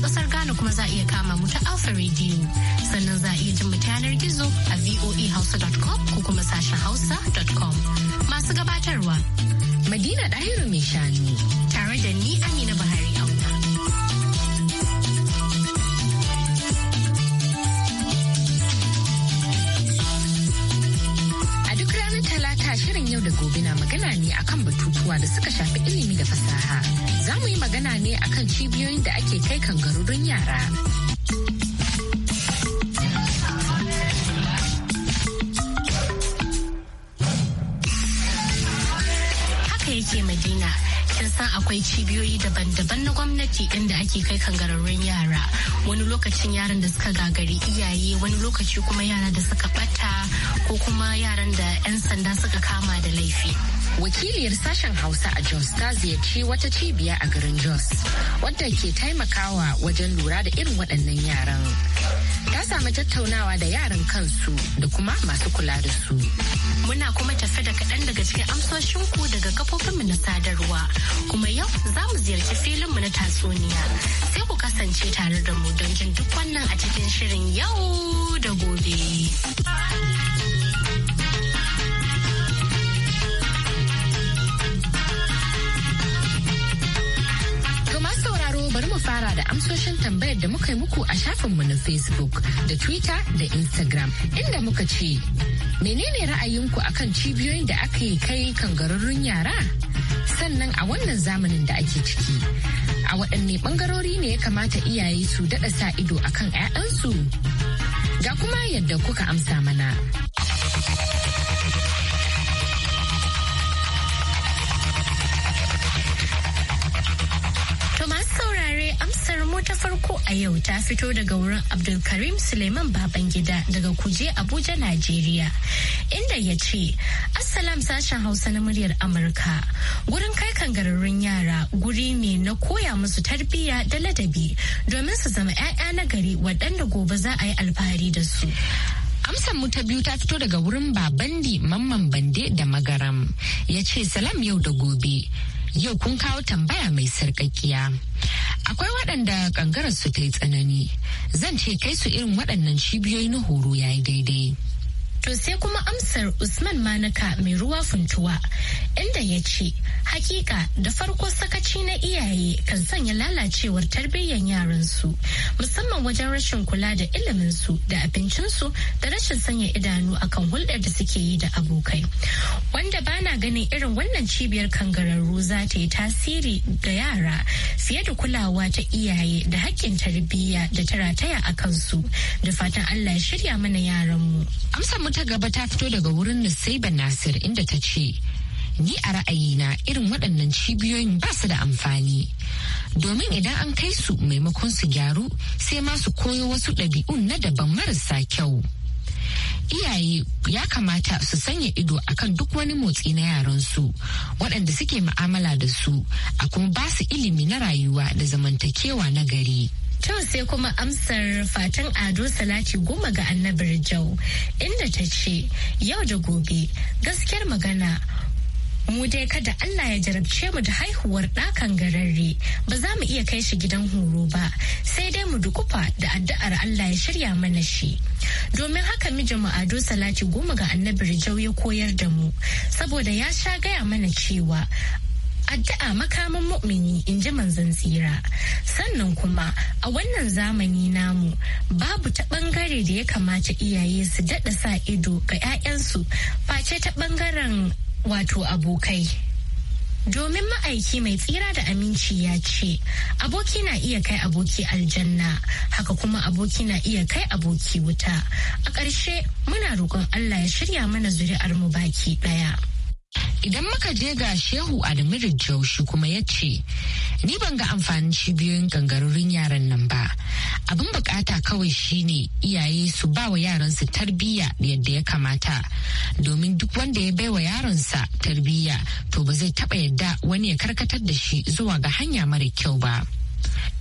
kasar Ghana kuma za a iya kama mu ta Alpha Radio. Sannan za a iya jin mu yanar gizo a voahausa.com ko kuma sashen hausa.com. Masu gabatarwa. Madina Dahiru mai shanu tare da ni Amina Buhari Auna. A duk ranar talata shirin yau da gobe na magana ne akan batutuwa da suka shafi ilimi da fasaha. za mu yi magana ne akan cibiyoyin da ake kai kangarurun yara. Haka yake Madina. kin san akwai cibiyoyi daban-daban na gwamnati inda ake kai kangarurun yara wani lokacin yaran da suka gagari iyaye wani lokaci kuma yara da suka bata ko kuma yaran da 'yan sanda suka kama da laifi. wakiliyar sashen hausa a jos ta ziyarci wata cibiya a garin jos wadda ke taimakawa wajen lura da irin waɗannan yaran ta samu tattaunawa da yaran kansu da kuma masu kula da su muna kuma tafe da kaɗan daga cikin amsoshinku daga kafofinmu na sadarwa kuma yau za mu ziyarci filinmu na tatsuniya sai ku kasance tare da mu don jin duk wannan a cikin shirin yau da gobe. bari mu fara da amsoshin tambayar da muka yi muku a shafinmu na Facebook da Twitter da Instagram inda muka ce, menene ra'ayinku akan cibiyoyin da aka yi kai kangararrun yara? Sannan a wannan zamanin da ake ciki, a waɗanne ɓangarori ne ya kamata iyaye su daɗa sa ido akan 'ya'yansu? Ga kuma yadda kuka amsa mana. ta farko a yau ta fito daga wurin Abdulkarim Suleiman Babangida daga Kuje Abuja, Najeriya. Inda ya ce, Assalam sashen Hausa na muryar Amurka. Gurin kai kangararrun yara guri ne na koya musu tarbiyya da ladabi domin su zama 'ya'ya na gari waɗanda gobe za a yi alfahari da su. amsar mu ta biyu ta fito daga wurin babandi mamman bande da magaram ya ce salam yau da gobe yau kun kawo tambaya mai sarƙaƙiya Akwai waɗanda ƙangarar su ta yi tsanani, zan ce kai su irin waɗannan cibiyoyi na horo yayi daidai. To sai kuma amsar Usman Manaka mai ruwa funtuwa inda ya ce, hakika da farko sakaci na iyaye kan sanya lalacewar tarbiyyar yaransu musamman wajen rashin kula da ilimin su da abincin su da rashin sanya idanu akan hulɗar da suke yi da abokai. Wanda bana ganin irin wannan cibiyar kangararru za ta yi tasiri ga yara fiye da kulawa ta iyaye da hakkin tarbiyya da tarataya rataya a kansu da fatan Allah ya shirya mana yaranmu. Amsar wata gaba ta fito daga wurin Nusaiba Nasir inda ta ce, Ni a ra'ayina irin waɗannan cibiyoyin ba su da amfani. Domin idan an kai su maimakon su gyaru sai ma su koyo wasu ɗabi'un na daban marasa kyau. Iyaye ya kamata su sanya ido akan duk wani motsi na yaransu waɗanda suke ma'amala da su a kuma ba su ilimi na rayuwa da zamantakewa na gari. Tau sai kuma amsar fatan ado salati goma ga annabar jau inda ta ce yau da gobe gaskiyar magana mu dai kada Allah ya jarabce mu da haihuwar ɗakan gararre ba za mu iya kai shi gidan horo ba sai dai mu dukufa da addu'ar Allah ya shirya mana shi domin haka mijin mu ado salati goma ga annabi rijau ya koyar da mu saboda ya sha gaya mana cewa addu'a makaman mu'mini in ji manzon tsira sannan kuma a wannan zamani namu babu ta bangare da ya kamata iyaye su daɗa sa ido ga 'ya'yansu face ta bangaren wato abokai Domin ma'aiki mai tsira da aminci ya ce, aboki na iya kai aboki aljanna, haka kuma aboki na iya kai aboki wuta. A ƙarshe muna roƙon Allah ya shirya mana zuri'ar mu baki ɗaya. Idan muka je ga Shehu Adamu Jaushi kuma ya ce, Ni ban ga amfanin cibiyoyin gangarorin yaran nan ba. Abin bukata kawai shine iyaye su ba wa yaransu tarbiyya yadda ya kamata. Domin duk wanda ya baiwa yaronsa tarbiyya to ba zai taba yadda wani ya karkatar da shi zuwa ga hanya mara kyau ba.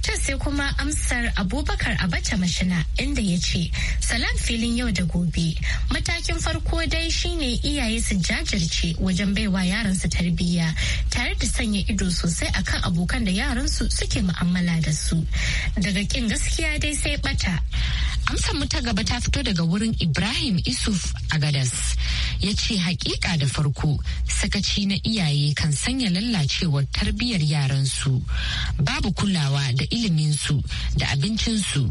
ta sai kuma amsar abubakar abacha mashina inda ya ce salam filin yau da gobe matakin farko dai shine iyaye su jajirce wajen baiwa yaransu tarbiyya tare da sanya ido sosai akan abokan da yaransu suke mu'amala da su daga kin gaskiya dai sai bata amsar mu ta gaba ta fito daga wurin ibrahim isuf a gadas ya ce hakika da farko sakaci na iyaye kan sanya lallacewar tarbiyyar yaransu babu kulawa da iliminsu da abincinsu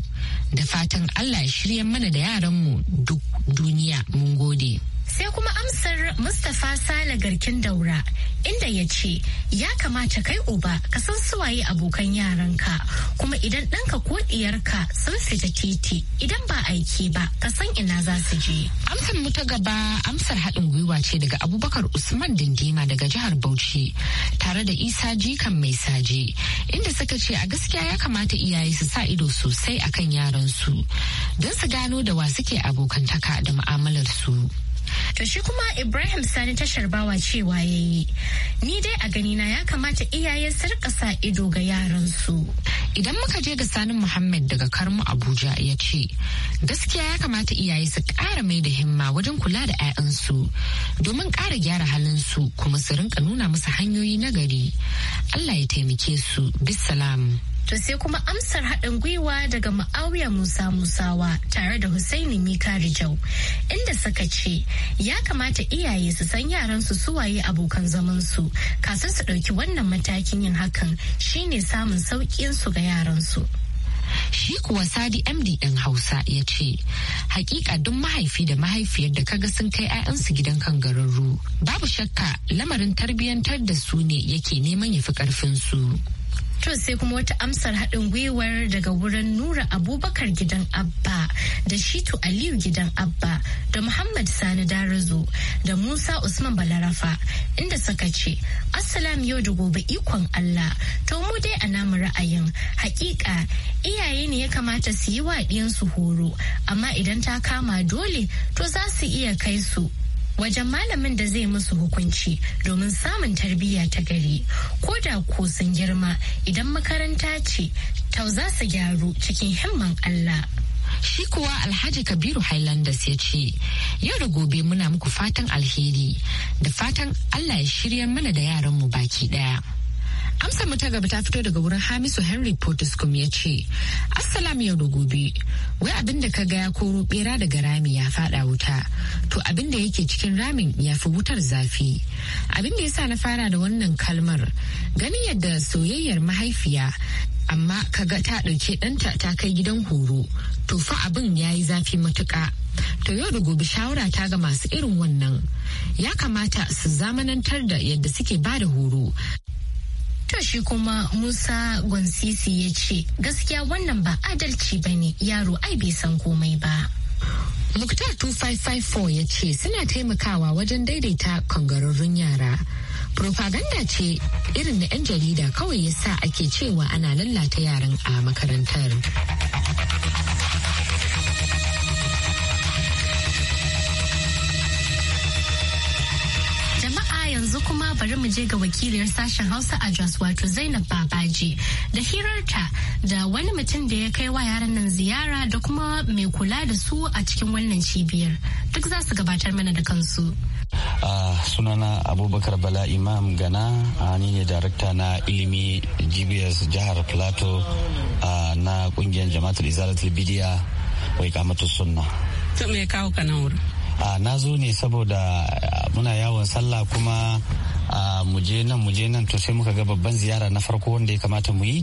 da fatan Allah ya shirya mana da yaranmu duk duniya mun gode. Sai kuma amsar Mustapha Sale Garkin Daura inda ya ce ya kamata kai uba ka san suwaye abokan yaranka kuma idan ɗanka ko ɗiyarka sun fita titi idan ba aiki ba ka san ina za su je. Amsar mu ta gaba amsar haɗin gwiwa ce daga Abubakar Usman Dindima daga jihar Bauchi tare da Isa Jikan Mai Saje inda suka ce a gaskiya ya kamata iyaye su sa ido sosai akan yaransu don su gano da wa suke abokantaka da mu'amalar su. To shi kuma Ibrahim Sani tashar bawa cewa ya yi. Ni dai a ganina ya kamata iyaye su sa ido ga yaransu. Idan muka je ga Sani Muhammad daga Karmu Abuja ya ce, gaskiya ya kamata iyaye su ƙara mai da himma wajen kula da 'ya'yansu domin ƙara gyara halin su kuma su rinka nuna musu hanyoyi na gari. Allah ya taimake su. Bisalam. To sai kuma amsar haɗin gwiwa daga Ma'auya Musa Musawa tare da Hussaini Mika Rijau inda suka ce ya kamata iyaye su san yaran su suwaye abokan zaman su kasan su ɗauki wannan matakin yin hakan shine samun sauƙin su ga yaran su. Shi kuwa Sadi MD ɗin Hausa ya ce, hakika duk mahaifi da mahaifiyar da kaga sun kai 'ya'yansu gidan kan kangararru. Babu shakka lamarin tarbiyyantar da su ne yake neman ya fi karfin su. To sai kuma wata amsar haɗin gwiwar daga wurin Nura Abubakar gidan Abba da Shitu Aliyu gidan Abba da Muhammad Sani Darazo da Musa Usman Balarafa inda suka ce Assalam yau da gobe ikon Allah to mu dai a namu ra'ayin hakika iyaye ne ya kamata su yi waɗiyansu horo amma idan ta kama dole to za su iya kai su wajen malamin da zai musu hukunci domin samun tarbiyya ta gari ko da ko sun girma idan makaranta ce ta za su gyaru cikin himman Allah. Shi kuwa Alhaji Kabiru Highlanders ya ce, Yau da gobe muna muku fatan alheri, da fatan Allah ya shirya mana da yaranmu baki ɗaya. amsa mu ta gaba ta fito daga wurin hamisu henry potiskum ya ce assalamu yau da gobe wai abin da ka ga ya koro bera daga rami ya fada wuta to abin da yake cikin ramin ya fi wutar zafi abin da yasa na fara da wannan kalmar ganin yadda soyayyar mahaifiya amma kaga ta ɗauke ɗanta ta kai gidan horo to fa abin ya yi zafi matuƙa to yau da gobe shawara ta ga masu irin wannan ya kamata su zamanantar da yadda suke ba da horo To shi kuma Musa Gonsisi ya ce gaskiya wannan ba adalci ba ne yaro ai bai san komai ba. Muktar 2554 ya ce suna taimakawa wajen daidaita kangararrun yara. Propaganda ce irin na 'yan jarida kawai ya sa ake cewa ana lallata yaran a makarantar. yanzu kuma bari mu je ga wakiliyar sashen Hausa a Jos wato Zainab Babaji da hirarta da wani mutum da ya kai wa yaran nan ziyara da kuma mai kula da su a cikin wannan cibiyar. Duk za su gabatar mana da kansu. sunana Abubakar Bala Imam Gana ni ne darakta na ilimi GBS jihar plato na kungiyar jama'atul Izalatul Bidiya wai kamatu sunna. To me kawo ka na zo ne saboda muna yawon sallah kuma mu muje nan muje nan to sai muka ga babban ziyara na farko wanda ya kamata mu yi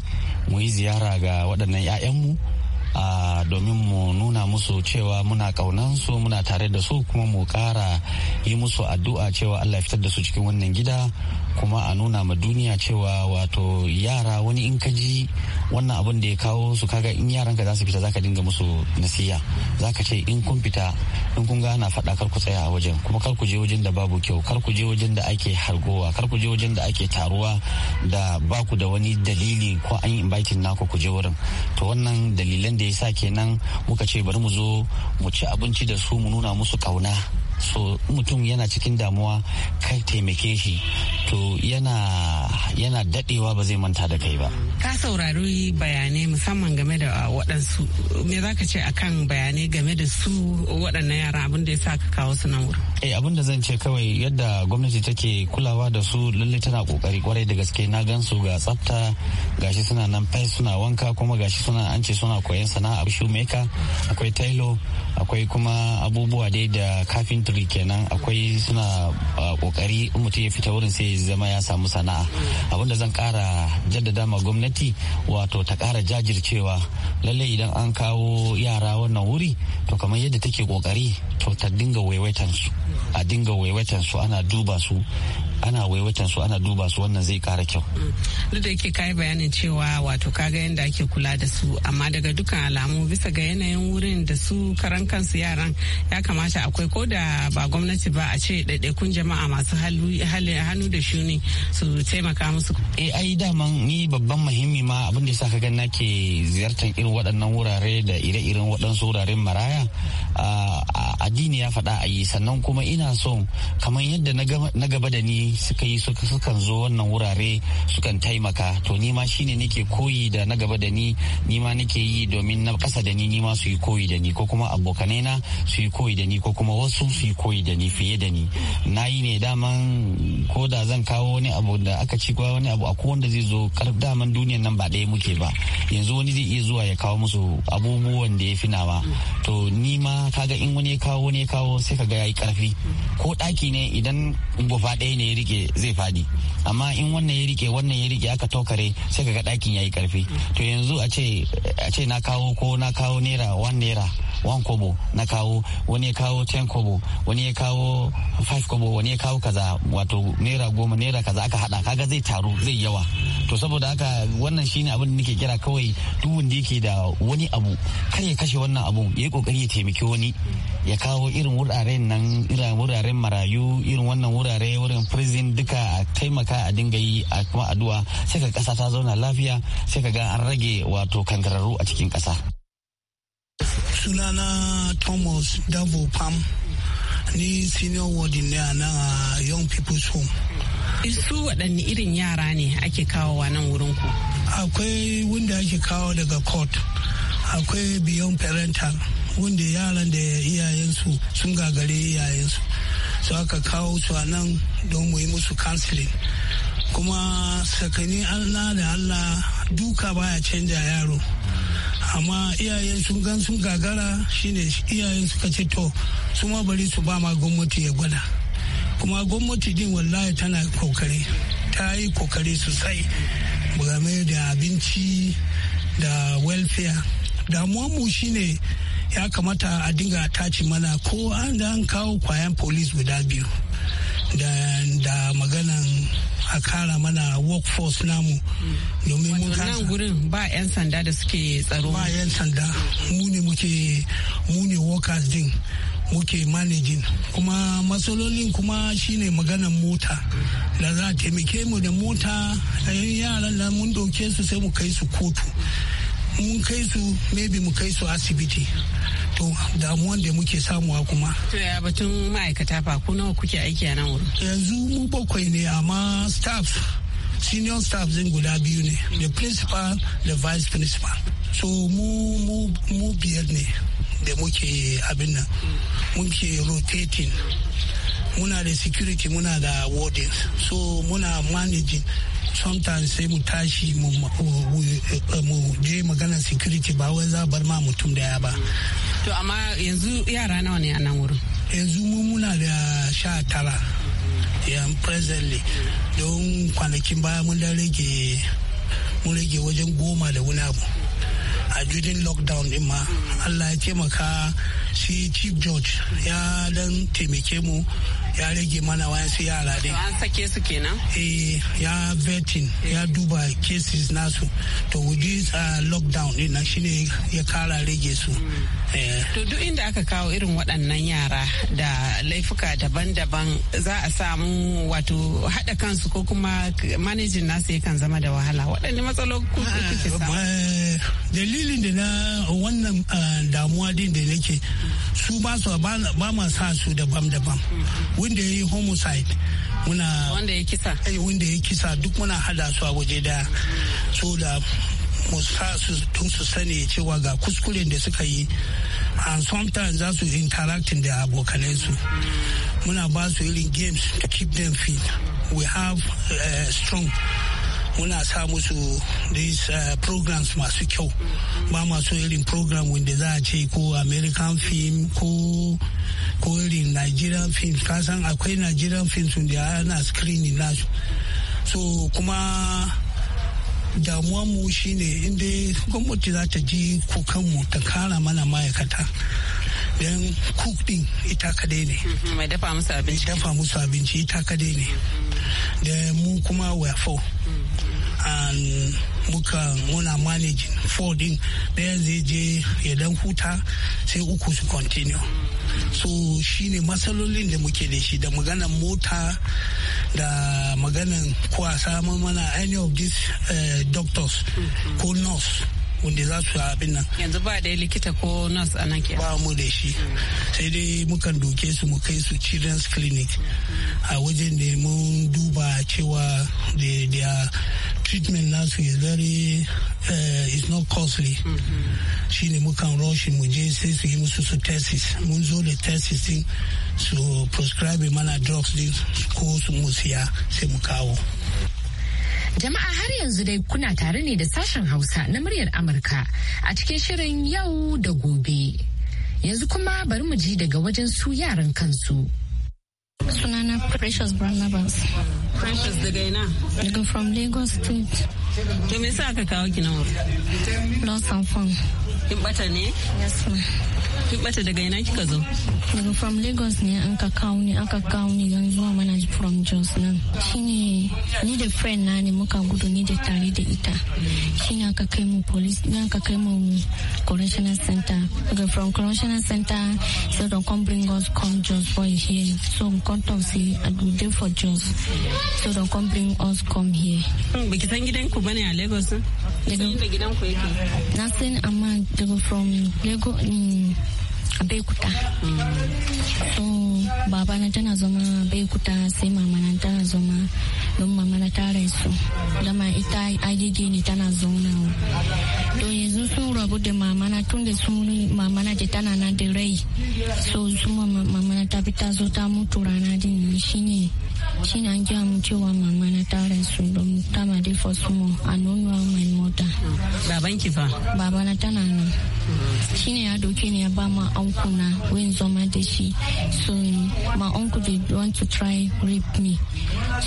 mu yi ziyara ga waɗannan 'ya'yanmu domin mu nuna musu cewa muna su muna tare da su kuma mu kara yi musu addu'a cewa allah fitar da su cikin wannan gida kuma a nuna ma duniya cewa wato yara wani in ka ji wannan abin da ya kawo su kaga in yaranka za su fita zaka dinga musu nasiya zaka ce in kun fita in kun ga ana faɗa kar ku tsaya a wajen kuma kar ku je wajen da babu kyau kar ku je wajen da ake hargowa kar ku je wajen da ake taruwa da baku da wani dalili ko an yi inviting naku ku je wurin to wannan dalilan da da ya sa kenan muka ce bari mu zo mu ci abinci da su mu nuna musu kauna so mutum yana cikin damuwa kai taimake shi to yana yana dadewa ba zai manta da kai ba ka saurari bayanai musamman game da uh, waɗansu me za ce akan bayanai game da su waɗannan yara abin da ya sa ka kawo su nan wurin eh abin da zan ce kawai yadda gwamnati take kulawa da su lalle tana kokari kwarai da gaske na gan su ga tsafta gashi suna nan fai suna wanka kuma gashi suna an ce suna koyon sana'a shoemaker akwai tailo akwai kuma abubuwa dai da kafin country kenan akwai suna kokari ah, in mutum ya fita wurin sai zama ya samu sana'a abin da zan kara jaddada ma gwamnati wato ta kara jajircewa lallai idan an kawo yara wannan wuri to kamar yadda take kokari to ta dinga waiwaitan a dinga waiwaitan su ana duba su ana waiwatan su ana duba su wannan zai kara kyau mm. duk da yake kai bayanin cewa wato kaga yadda ake kula da su amma daga dukkan alamu bisa ga yanayin wurin da su karan kansu yaran ya kamata akwai ko da ba gwamnati ba a ce ɗaiɗaikun jama'a masu hannu da shuni su taimaka musu eh ai daman ni babban muhimmi ma abin da yasa na nake ziyartar irin waɗannan wurare da ire-iren waɗansu wuraren maraya addini ya faɗa a yi sannan kuma ina son kamar yadda na gaba da ni suka yi sukan zo wannan wurare sukan taimaka to nima shine nake koyi da na gaba da ni nima nake yi domin na kasa da ni nima su yi koyi da ni ko kuma abokanai na su yi koyi da ni ko kuma wasu su yi koyi da ni fiye da ni na yi ne daman ko da zan kawo wani abu da aka ci kwa wani abu akwai wanda zai zo kar daman duniyan nan ba ɗaya muke ba yanzu wani zai iya zuwa ya kawo musu abubuwan da ya fi nawa to nima kaga in wani ya kawo wani ya kawo sai kaga yi karfi ko ɗaki ne idan gufa ɗaya ne rike zai fadi amma in wannan ya rike wannan ya rike aka tokare sai kaga dakin ya yi karfi to yanzu a ce a ce na kawo ko na kawo naira wan naira wan kobo na kawo wani ya kawo ten kobo wani ya kawo five kobo wani ya kawo kaza wato naira goma naira kaza aka hada kaga zai taru zai yawa to saboda haka wannan shine abin da nake kira kawai duk wanda yake da wani abu kar ya kashe wannan abu ya yi kokari ya taimaki wani ya kawo irin wuraren nan irin wuraren marayu irin wannan wurare wurin fundraising duka a taimaka a dinga yi a kuma addu'a sai ka kasa ta zauna lafiya sai ka ga an rage wato kankararru a cikin kasa. sunana thomas dabo pam ni senior warden ne a nan a young people's home su waɗanne irin yara ne ake wa nan wurin ku akwai wanda ake kawo daga court akwai beyond parental wanda yaran da iyayensu sun gagare iyayensu su aka kawo su a nan don mu yi musu counseling kuma sakani allah da allah duka baya canja yaro amma iyayen sun gan sun gagara shine iyayen suka ce to su ma bari su ba ma gwamnati ya gwada kuma gwamnati din wallahi tana kokari ta yi kokari sosai game da abinci da welfare damuwanmu shine ya kamata a dinga tace mana ko an da an kawo kwayan police guda biyu da, da maganan a kara mana workforce namu domin mun kasa gurin ba 'yan sanda da suke tsaro ba 'yan sanda mu ne muke mu ne workers din muke managing kuma matsalolin kuma shine maganan mota da za a taimake mu da mota yaran da mun dauke su sai mu kai su kotu mun kai su maybe mu kai su asibiti to damuwan da muke samuwa kuma to ya batun ma'aikata fa ku nawa kuke aiki a nan wurin yanzu mu bakwai ne amma staff senior staff zin guda biyu ne the principal the vice principal so mu mu mu biyar ne da muke abin nan muke rotating muna da security muna da wardens so muna managing sometimes sai mu tashi eh, mu je maganar security ba wai za bar ma mutum da ya ba to amma yanzu yara nawa ne a nan wurin yanzu mu muna da sha tara yan presently don kwanakin baya mun da rage mun rage wajen goma da wani abu a judin lockdown din ma allah ya taimaka shi chief george ya dan taimake mu ya rage mana wayansu yara dai an sake su kenan eh ya vetting ya duba cases nasu to with a uh, lockdown din na shine ya kara rage su hmm. eh. to duk inda aka kawo irin waɗannan yara da laifuka daban-daban za a samu wato haɗa kansu ko kuma managing nasu yakan zama da wahala waɗanne matsaloli kuke samu ah, eh, dalilin da na wannan ah, damuwa din da nake su ba su ba ma sa su daban-daban wanda ya yi homicide muna wanda ya kisa eh, duk muna hada su a waje da so da tun su sani cewa ga kuskuren da suka yi and sometimes za su interacting da abokanai su muna ba su irin games to keep them fit we have uh, strong muna sa musu these uh, programs masu kyau ba masu irin program wanda za a ce ko american film ko ko irin nigerian films kasan akwai nigerian films wanda ana screening nasu so kuma damuwanmu shine inda gwamnati za ta ji kukanmu ta kara mana ma'aikata don cook din ita kadai ne mhm, mai dafa musu abinci Mai dafa musu abinci ita kadai ne da mu kuma wafo and muka muna manage four din ɗaya zai je ya dan huta sai uku su continue so shine matsalolin da muke da shi da maganan mota da maganan kwasa mana any of these eh, doctors ko nurse wanda za su abin nan yanzu ba da likita ko nurse a nan ke ba mu da shi sai dai mukan doke su mu kai su children's clinic a wajen da mun duba cewa da treatment nasu is very uh, is not costly shi ne mukan rush mu je sai su yi musu su tesis mun zo da tesis din su proscribe mana drugs din ko su musiya siya sai mu kawo Jama'a har yanzu dai kuna tare ne da sashen Hausa na muryar Amurka a cikin shirin yau da gobe. Yanzu kuma bari mu ji daga wajen su yaran kansu. Sunana Precious Barnabas. Precious daga ina? Daga from Lagos State. To me sa aka kawo ki Lost and found. kin bata ne yes kin bata daga ina kika zo daga from lagos ne an ka kawo ni aka kawo ni don zuwa mana from jos nan shine ni da friend na ne muka gudu ni da tare da ita shine aka kai mu police ne aka kai mu correctional center daga from correctional center so don come bring us come jos boy here so come talk say i go dey for jos so don come bring us come here biki san ku bane a lagos daga gidan ku na san amma daga from lagos mm, Abeokuta. So baba na tana zama Abeokuta sai mama na tana zama don mama na ta rasu. Dama ita agege ne tana zauna. To yanzu sun rabu da mama na tun da sun mama na da tana na da rai. So su mama na ta fita zo ta mutu rana din shine shine an gaya mu cewa mama na ta rasu don tama dai for small a nonuwa mai mota baban ki fa baba na tana nan shine ya doke ne ya ba ma anku na wayan zama da shi so my uncle dey want to try rape me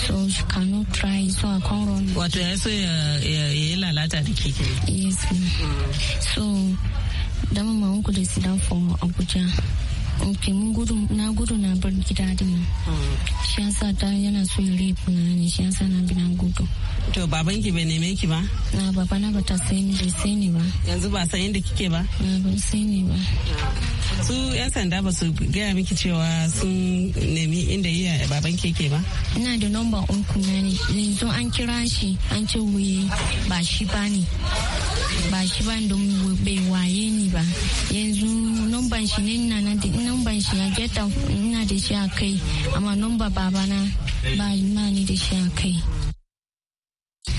so she cannot try so I come run wato ya so ya yi lalata da ke yes so dama ma uncle dey sit down for Abuja ok mun gudu na gudu na bar gida din shi yasa ta yana so ya rape na ne shi yasa na bi na gudu to baban ki bai neme ki ba na baba na bata sai ni bai sai ni ba yanzu ba san inda kike ba na ban sai ni ba su yan sanda ba su gaya miki cewa sun nemi inda iya eh, baban keke ba ina da number uku na ne yanzu an kira shi an ce wuye ba shi ba ne ba shi ba don bai waye ni ba yanzu nomban shi ne na na numban shi a geta ina da shi a kai amma numba babana ba ma ni da shi a kai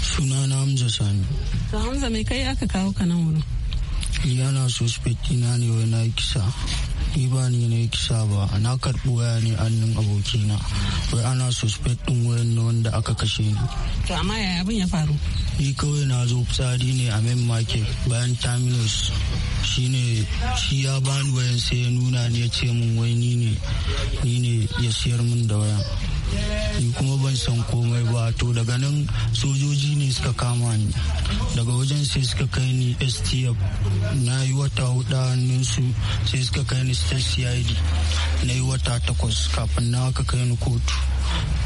suna na hamza sani to hamza mai kai aka kawo ka nan wurin na suspect na ne wai na kisa ni ba ni na kisa ba na karɓi waya ne annin abokina wai ana suspect ɗin wayan na wanda aka kashe ni to amma yaya abin ya faru ni kawai na zo fitsari ne a main market bayan terminus shine shi ya bani wayan sai ya nuna ne ya ce min wai ni ne ni ne ya siyar min da waya ni kuma ban san komai ba to daga nan sojoji ne suka kama ni daga wajen sai suka kai ni stf na yi wata hudu su sai suka kai ni state cid na yi wata takwas kafin na aka kai ni kotu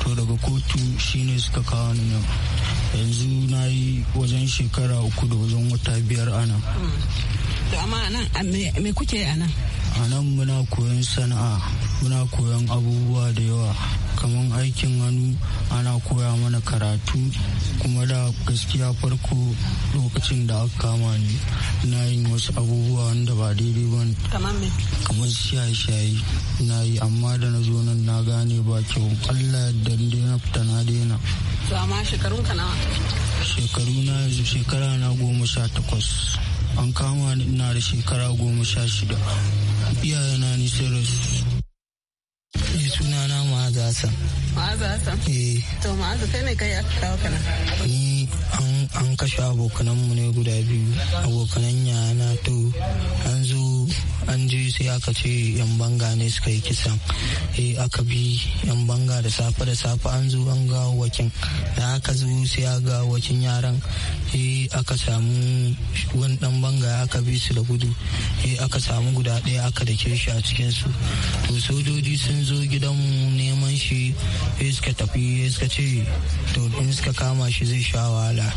to daga kotu shine suka kawo ni yanzu na yi wajen shekara uku da wajen wata biyar ana To amma a nan me kuke a nan? A nan muna koyon sana'a, muna koyon abubuwa da yawa. kamar aikin hannu ana koya mana karatu kuma da gaskiya farko lokacin da aka kama ni na yi wasu abubuwa wanda ba daidai ba kamar shaye-shaye na yi amma da na zo nan na gane ba kyau allah da na fita na daina to amma shekarun ka shekaru na yanzu shekara na goma sha takwas an kama ni ina da shekara goma sha shida iyayena ni sai rasu suna na ma'aza hassan ma'aza hassan eh to ma'aza kai ne kai aka kawo kana ni an kashe abokanan mu ne guda biyu abokanan yana to an zo an ji sai aka ce yan banga ne suka yi kisan eh aka bi yan banga da safe da safe an zo an ga wakin da aka zo sai a ga wakin yaran eh aka samu wani dan banga aka bi su da gudu eh aka samu guda ɗaya aka dake shi a cikin su to sojoji sun zo gidanmu neman shi e suka tafi e suka ce to in suka kama shi zai sha wahala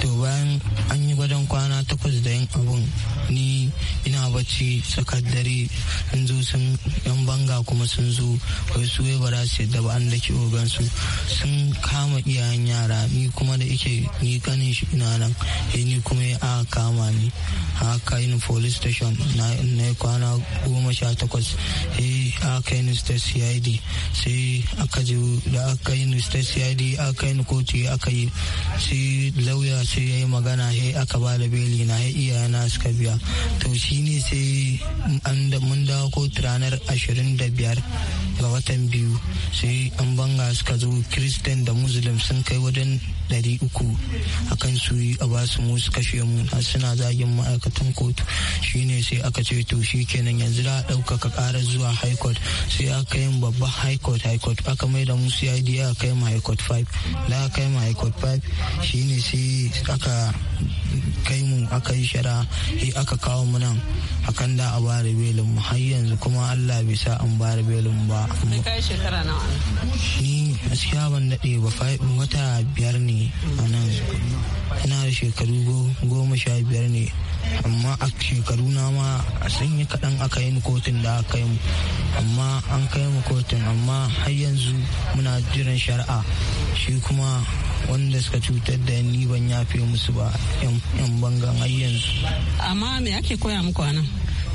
to bayan an yi gwajin kwana takwas da yin abun ni ina bacci tsaka tsakar dare sun zo sun yan banga kuma sun zo wai su ya ba za su yadda ba an da ogan sun kama iyayen yara ni kuma da ike ni kanin shi ina nan eh, ni kuma ya a kama ni haka yin police station na kwana goma sha takwas eh, aka yi ni state cid sai aka je da aka yi ni state cid aka yi ni kotu aka yi sai lauya sai ya yi magana sai aka ba da beli na ya iya na suka biya to shi ne sai mun dawo kotu ranar 25 ga watan biyu sai an banga suka zo christian da muslim sun kai wajen ɗari uku a kan su a ba su kashe mu suna zagin ma'aikatan kotu shine sai aka ce to shi kenan yanzu da ɗaukaka ƙara zuwa high court sai aka yin babban high court high court aka mai da musu yadi aka yi ma high court 5 da aka yi ma high court 5 shine sai aka kai mu aka yi shara sai aka kawo mu nan akan da a bare belin mu har yanzu kuma Allah bai sa an bare belin ba. Kai shekara Ni gaskiya ban daɗe ba wata biyar ne ne a nan ina da shekaru goma sha biyar ne amma a shekaru na ma sun yi kaɗan aka yi kotun da aka yi amma an kai mu kotun amma har yanzu muna jiran shari'a shi kuma wanda suka cutar da ni ban yafe musu ba yan bangan har yanzu amma me ake koya muku a nan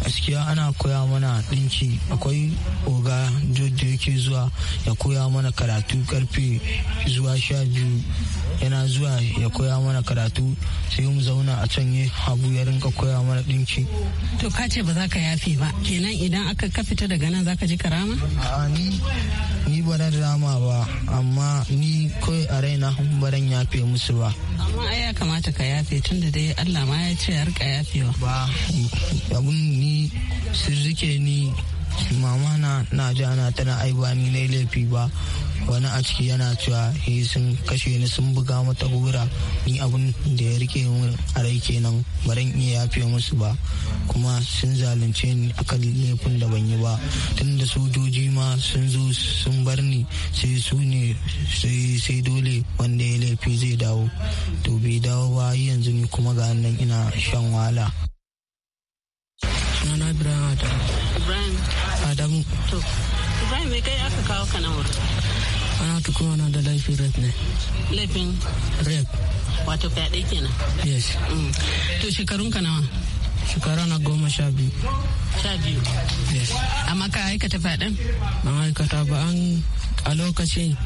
gaskiya ana koya mana ɗinki akwai oga da yake zuwa ya koya mana karatu karfe zuwa sha biyu yana zuwa ya koya mana karatu sai mu zauna a can yi habu ya rinka koya mana ɗinki to ka ce ba za ka yafe ba kenan idan aka ka fita daga nan za ka ji karama a ni ni ba rama ba amma ni kai a raina baran yafe musu ba amma ai ya kamata ka yafe tunda dai Allah ma ya ce ya rika yafewa ba su rike ni mama na na jana tana aiba ni na laifi ba wani a ciki yana cewa he sun kashe ni sun buga mata gora ni abun da ya rike min a rai kenan baran iya yafe musu ba kuma sun zalunce ni akan laifin da ban yi ba tunda sojoji ma sun zo sun bar ni sai su ne sai dole wanda ya laifi zai dawo to bai dawo ba yanzu ni kuma ga nan ina shan wahala Nana Ibrahim Adamu. Ibrahim. Adamu. To, Ibrahim me kai aka kawo ka nan wuri? Ana tukuma na da laifin rep ne. Laifin? Rep. Wato fyaɗe kenan? Yes. Mm. To shekarun ka nawa? shekara na goma sha biyu. Sha biyu? Yes. Amma ka aikata fyaɗen? Ban aikata ba an a lokacin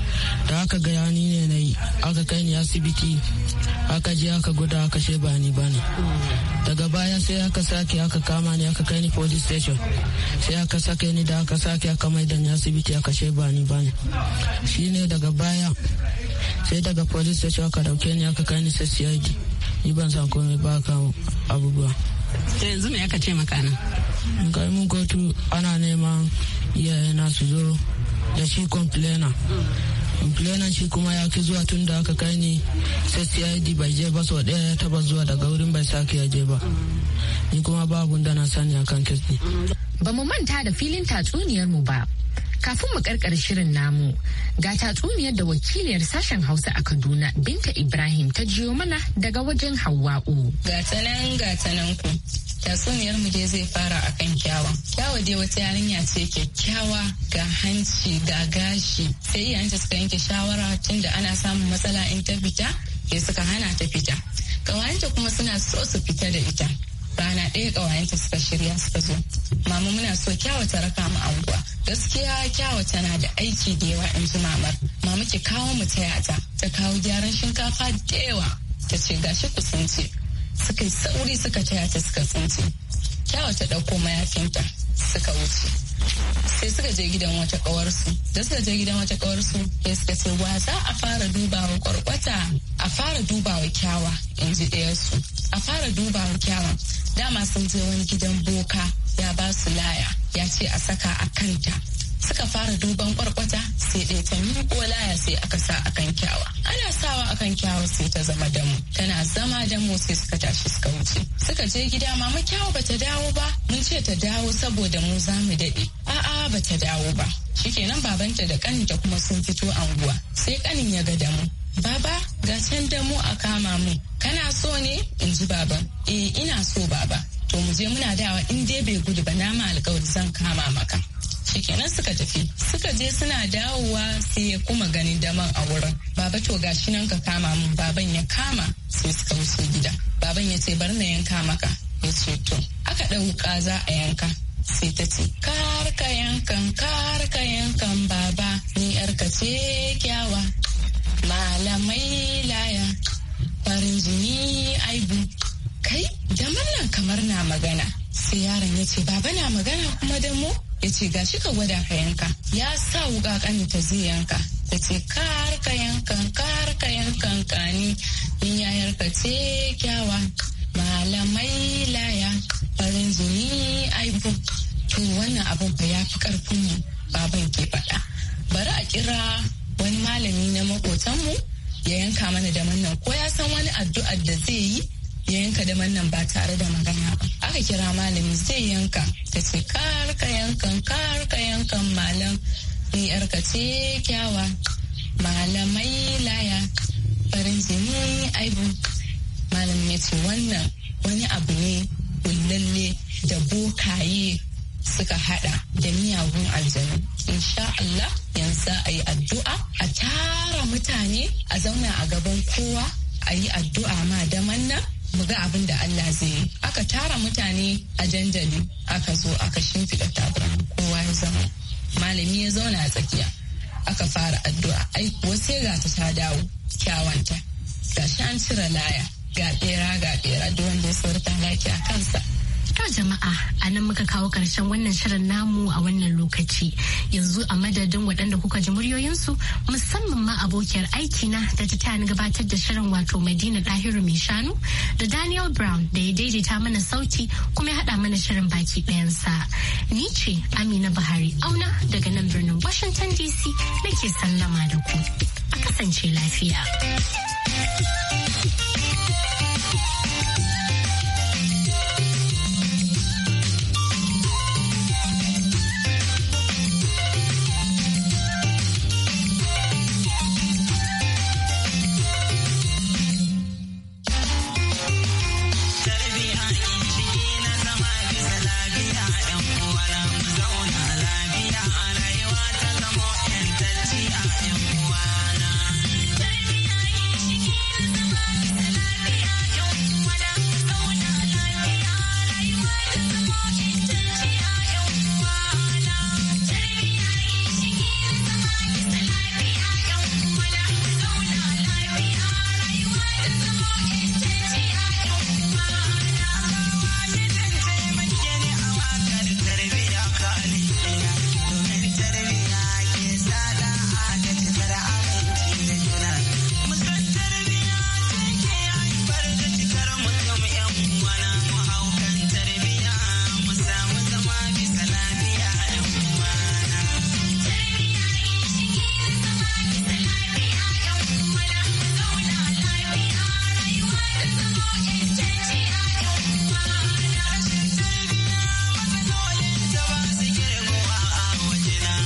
da aka ga yani ne na yi aka kai ni asibiti aka je aka guda aka she ba ni ba ne daga baya sai aka sake aka kama ni aka kai ni police station sai aka sake ni da aka sake aka mai da ni asibiti aka she ba ni ba ne shine daga baya sai daga police station aka dauke ni aka kai ni CID ni ban san komai ba kan abubuwa yanzu ne aka ce maka nan kai mun kotu ana neman iyayen nasu zo da shi complainer complainer shi kuma ya ki zuwa tun da aka kai ni sai cid bai je ba sau ɗaya ya taba zuwa daga wurin bai sake ya je ba ni kuma babu da na sani akan kes ba mu manta da filin tatsuniyar mu ba Kafin mu karkar shirin namu, ga tatsuniyar da wakiliyar sashen Hausa a Kaduna Binta Ibrahim ta jiyo mana daga wajen hawa'u Gatanan gatanan ku. Tatsuniyar mu dai zai fara akan kyawa. Kyawa dai wata yarinya ce kyakkyawa ga hanci ga gashi. Sai iyayenta suka yanke shawara tunda ana samun matsala in ta fita, sai suka hana ta fita. Kawayenta kuma suna so su fita da ita. rana ɗaya ƙawayenta suka shirya suka zo mama muna so kyawata raka mu anguwa gaskiya kyawata na da aiki da yawa in ji mamar mama ki kawo mu taya ta ta kawo gyaran shinkafa da yawa ta ce gashi ku tsinci suka yi sauri suka taya ta suka tsince kyawata ɗauko mayafinta suka wuce sai suka je gidan wata kawarsu da suka je gidan wata kawarsu sai suka ce wa za a fara dubawa kwarkwata a fara dubawa kyawa in ji ɗayarsu a fara dubawa kyawa dama sun je wani gidan boka ya ba su laya ya ce a saka a kanta suka fara duban kwarkwata sai ɗaya ta miƙo ya sai aka sa akan kyawa ana sawa akan kyawa sai ta zama damu tana zama damu sai suka tashi suka wuce suka je gida mama kyawa bata dawo ba mun ce ta dawo saboda mu za mu daɗe a'a bata dawo ba shikenan babanta da kaninta kuma sun fito anguwa sai kanin ya ga damu Baba, ga can damu a kama mu. Kana so ne? In ji baban. Eh, ina so baba. To mu je muna dawa in dai bai gudu ba na ma alkawari zan kama maka. shikenan suka tafi suka je suna dawowa sai ya kuma ganin daman a wurin baba to gashi nan ka kama mu baban ya kama sai suka wuce gida baban ya ce bar na yanka maka ya ce to aka ɗau za a yanka sai ta ce Kar yanka yankan ka yankan baba ni ka ce kyawa malamai laya farin jini aibu kai da mallan kamar na magana sai yaron ya ce baba na magana kuma da mu ya ce ga shi ka gwada ka yanka ya sa wuga ta zai yanka ta ce kar ka yankan kar ka yankan kani in ya yarka ce kyawa malamai laya farin zuni aibu to wannan abin ba ya fi karfin mu baban ke faɗa bari a kira wani malami na makotanmu ya yanka mana da mannan ko ya san wani addu'ar da zai yi ya yanka da mannan ba tare da magana ba aka kira malamin zai yanka ta ce karka yankan karka yankan malam ni yarka ce kyawa malamai laya farin jini aibu malam ya ce wannan wani abu ne kullalle da bokaye suka hada da miyagun aljanu insha Allah yanzu a yi addu'a a tara mutane a zauna a gaban kowa a yi addu'a ma daman nan mu ga abin da Allah zai yi aka tara mutane a dandali aka zo aka shimfiɗa tabura kowa ya zama malami ya zauna a tsakiya aka fara addu'a ai kuwa sai ga ta ta dawo kyawanta ga shi an cire laya ga bera ga bera duk wanda ya saurata laki a kansa To jama'a a nan muka kawo karshen wannan shirin namu a wannan lokaci yanzu a madadin waɗanda kuka ji muryoyinsu musamman ma abokiyar aiki na da ta tani gabatar da shirin wato Madina Dahiru mai shanu da Daniel Brown da ya daidaita mana sauti kuma ya haɗa mana shirin baki ɗayansa. Ni ce Amina Buhari auna daga nan birnin Washington DC nake sallama da ku. A kasance lafiya.